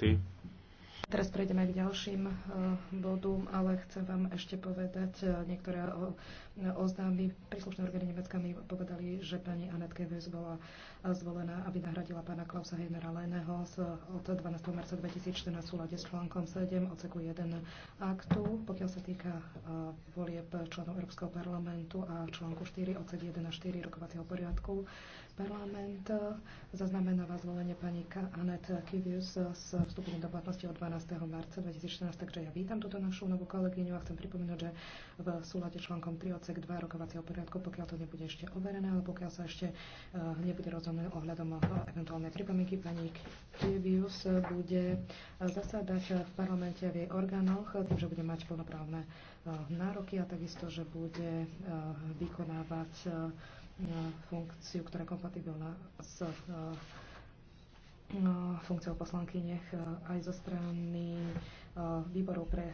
ty. Teraz prejdeme k ďalším eh, bodom, ale chcem vám ešte povedať eh, niektoré eh, oznámy. Príslušné orgány Nemecka mi povedali, že pani Anetke Keves bola zvolená, aby nahradila pána Klausa Heinera Leného od 12. marca 2014 v súlade s článkom 7 odseku 1 aktu, pokiaľ sa týka volieb členov Európskeho parlamentu a článku 4 odsek 1 a 4 rokovacieho poriadku parlament zaznamenáva zvolenie pani Anet Kivius s vstupením do platnosti od 12. marca 2014. Takže ja vítam túto našu novú kolegyňu a chcem pripomínať, že v súlade článkom 3 odsek 2 rokovacieho poriadku, pokiaľ to nebude ešte overené, alebo pokiaľ sa ešte eh, nebude rozhodné ohľadom eh, eventuálnej pripomienky, pani Kivius bude eh, zasadať v parlamente v jej orgánoch, tým, že bude mať plnoprávne nároky a takisto, že bude vykonávať funkciu, ktorá je kompatibilná s Eh, no, funkciou poslankyne eh, aj zo strany eh, výborov pre